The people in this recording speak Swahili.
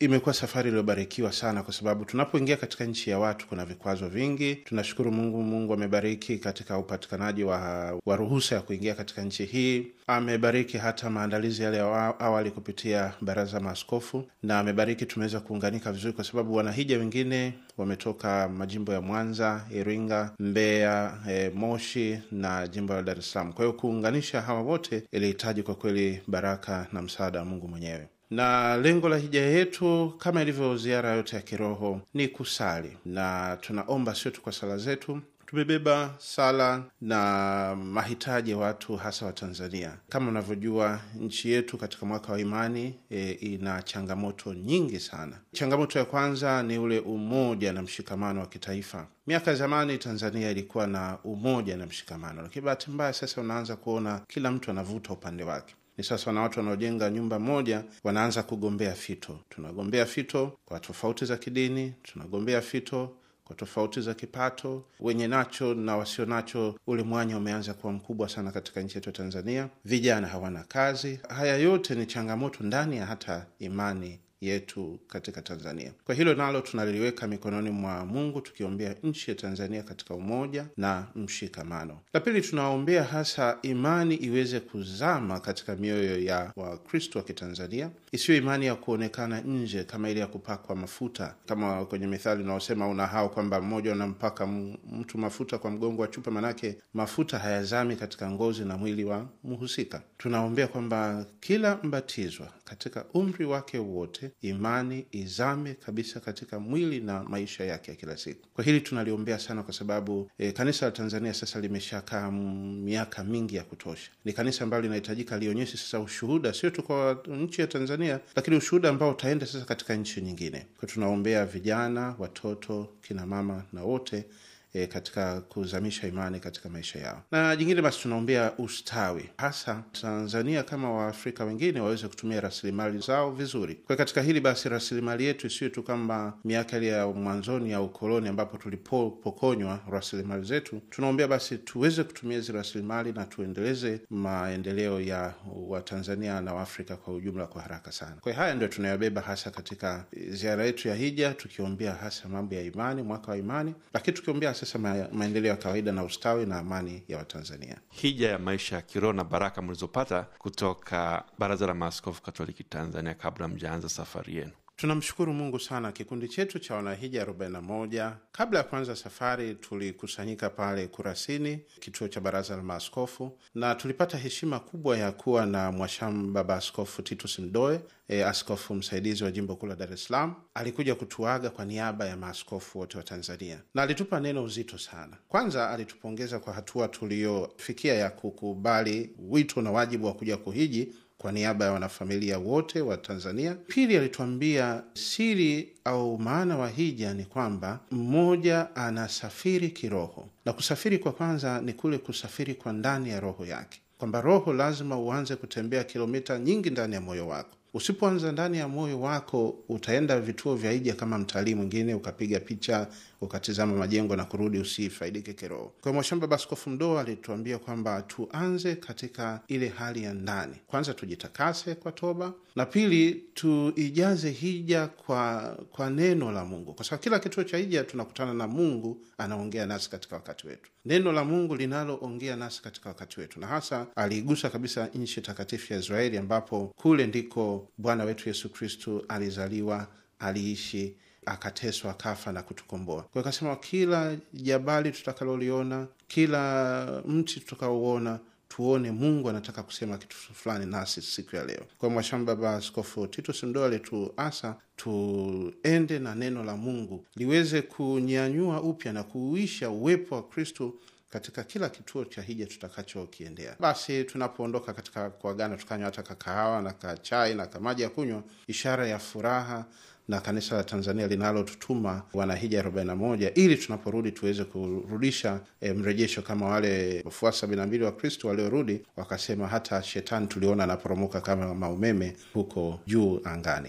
imekuwa safari iliyobarikiwa sana, kwa sababu tunapoingia katika nchi ya watu kuna vikwazo vingi. Tunashukuru Mungu, Mungu amebariki katika upatikanaji wa, wa ruhusa ya kuingia katika nchi hii. Amebariki hata maandalizi yale ya awali kupitia baraza maaskofu, na amebariki tumeweza kuunganika vizuri, kwa sababu wanahija wengine wametoka majimbo ya Mwanza, Iringa, Mbeya, e, Moshi na jimbo la Dar es Salaam. Kwa hiyo kuunganisha hawa wote ilihitaji kwa kweli baraka na msaada wa Mungu mwenyewe na lengo la hija yetu kama ilivyo ziara yote ya kiroho ni kusali, na tunaomba sio tu kwa sala zetu tumebeba sala na mahitaji ya watu hasa wa Tanzania. Kama unavyojua, nchi yetu katika mwaka wa imani e, ina changamoto nyingi sana. Changamoto ya kwanza ni ule umoja na mshikamano wa kitaifa. Miaka zamani Tanzania ilikuwa na umoja na mshikamano, lakini bahati mbaya sasa unaanza kuona kila mtu anavuta upande wake. Ni sasa wana watu wanaojenga nyumba moja wanaanza kugombea fito. Tunagombea fito kwa tofauti za kidini, tunagombea fito kwa tofauti za kipato. Wenye nacho na wasio nacho, ule mwanya umeanza kuwa mkubwa sana katika nchi yetu ya Tanzania. Vijana hawana kazi. Haya yote ni changamoto ndani ya hata imani yetu katika Tanzania. Kwa hilo nalo tunaliweka mikononi mwa Mungu, tukiombea nchi ya Tanzania katika umoja na mshikamano. La pili, tunaombea hasa imani iweze kuzama katika mioyo ya Wakristo wa Kitanzania, isiyo imani ya kuonekana nje kama ile ya kupakwa mafuta, kama kwenye methali unaosema unahao kwamba mmoja unampaka mtu mafuta kwa mgongo wa chupa, manake mafuta hayazami katika ngozi na mwili wa mhusika. Tunaombea kwamba kila mbatizwa katika umri wake wote imani izame kabisa katika mwili na maisha yake ya kila siku. Kwa hili tunaliombea sana, kwa sababu e, kanisa la Tanzania sasa limeshakaa miaka mingi ya kutosha. Ni kanisa ambalo linahitajika lionyeshe sasa ushuhuda, sio tu kwa nchi ya Tanzania, lakini ushuhuda ambao utaenda sasa katika nchi nyingine. Kwa tunaombea vijana, watoto, kinamama na wote e, katika kuzamisha imani katika maisha yao. Na jingine basi, tunaombea ustawi hasa Tanzania kama Waafrika wengine waweze kutumia rasilimali zao vizuri. Kwa katika hili basi, rasilimali yetu isiyo tu kama miaka ile ya mwanzoni ya ukoloni ambapo tulipopokonywa rasilimali zetu, tunaombea basi tuweze kutumia hizi rasilimali na tuendeleze maendeleo ya Watanzania na Waafrika kwa ujumla kwa haraka sana. Kwa haya ndio tunayobeba hasa katika ziara yetu ya hija, tukiombea hasa mambo ya imani, mwaka wa imani, lakini tukiombea sasa maendeleo ya kawaida na ustawi na amani ya Watanzania. Hija ya maisha ya kiroho na baraka mlizopata kutoka Baraza la Maaskofu Katoliki Tanzania kabla mjaanza safari yenu, Tunamshukuru Mungu sana kikundi chetu cha wanahija 41. Kabla ya kuanza safari, tulikusanyika pale Kurasini, kituo cha baraza la maaskofu, na tulipata heshima kubwa ya kuwa na mwashamu Baba Askofu Titus Mdoe, e, askofu msaidizi wa jimbo kuu la Dar es Salaam. Alikuja kutuaga kwa niaba ya maaskofu wote wa Tanzania na alitupa neno uzito sana. Kwanza alitupongeza kwa hatua tuliyofikia ya kukubali wito na wajibu wa kuja kuhiji kwa niaba ya wanafamilia wote wa Tanzania. Pili, alituambia siri au maana wa hija ni kwamba mmoja anasafiri kiroho, na kusafiri kwa kwanza ni kule kusafiri kwa ndani ya roho yake, kwamba roho lazima uanze kutembea kilomita nyingi ndani ya moyo wako Usipoanza ndani ya moyo wako, utaenda vituo vya hija kama mtalii mwingine, ukapiga picha, ukatizama majengo na kurudi, usifaidike kiroho. Kwa mwashamba Baskofu Mdoo alituambia kwamba tuanze katika ile hali ya ndani, kwanza tujitakase kwa toba, na pili tuijaze hija kwa kwa neno la Mungu, kwa sababu kila kituo cha hija tunakutana na Mungu, anaongea nasi katika wakati wetu, neno la Mungu linaloongea nasi katika wakati wetu, na hasa aliigusa kabisa nchi takatifu ya Israeli, ambapo kule ndiko Bwana wetu Yesu Kristu alizaliwa, aliishi, akateswa, kafa na kutukomboa. Kwa akasema kila jabali tutakaloliona, kila mti tutakaouona tuone Mungu anataka kusema kitu fulani nasi siku ya leo. Kwa mwashamu Baba skofu Titus Mdola alituasa tuende na neno la Mungu liweze kunyanyua upya na kuuisha uwepo wa Kristu katika kila kituo cha hija tutakachokiendea. Basi tunapoondoka katika kuagana, tukanywa hata kakahawa na kachai na kamaji ya kunywa, ishara ya furaha na kanisa la Tanzania linalotutuma wanahija 41 ili tunaporudi tuweze kurudisha e, mrejesho kama wale wafuasi 72 wa Kristo waliorudi wakasema, hata shetani tuliona anaporomoka kama maumeme huko juu angani.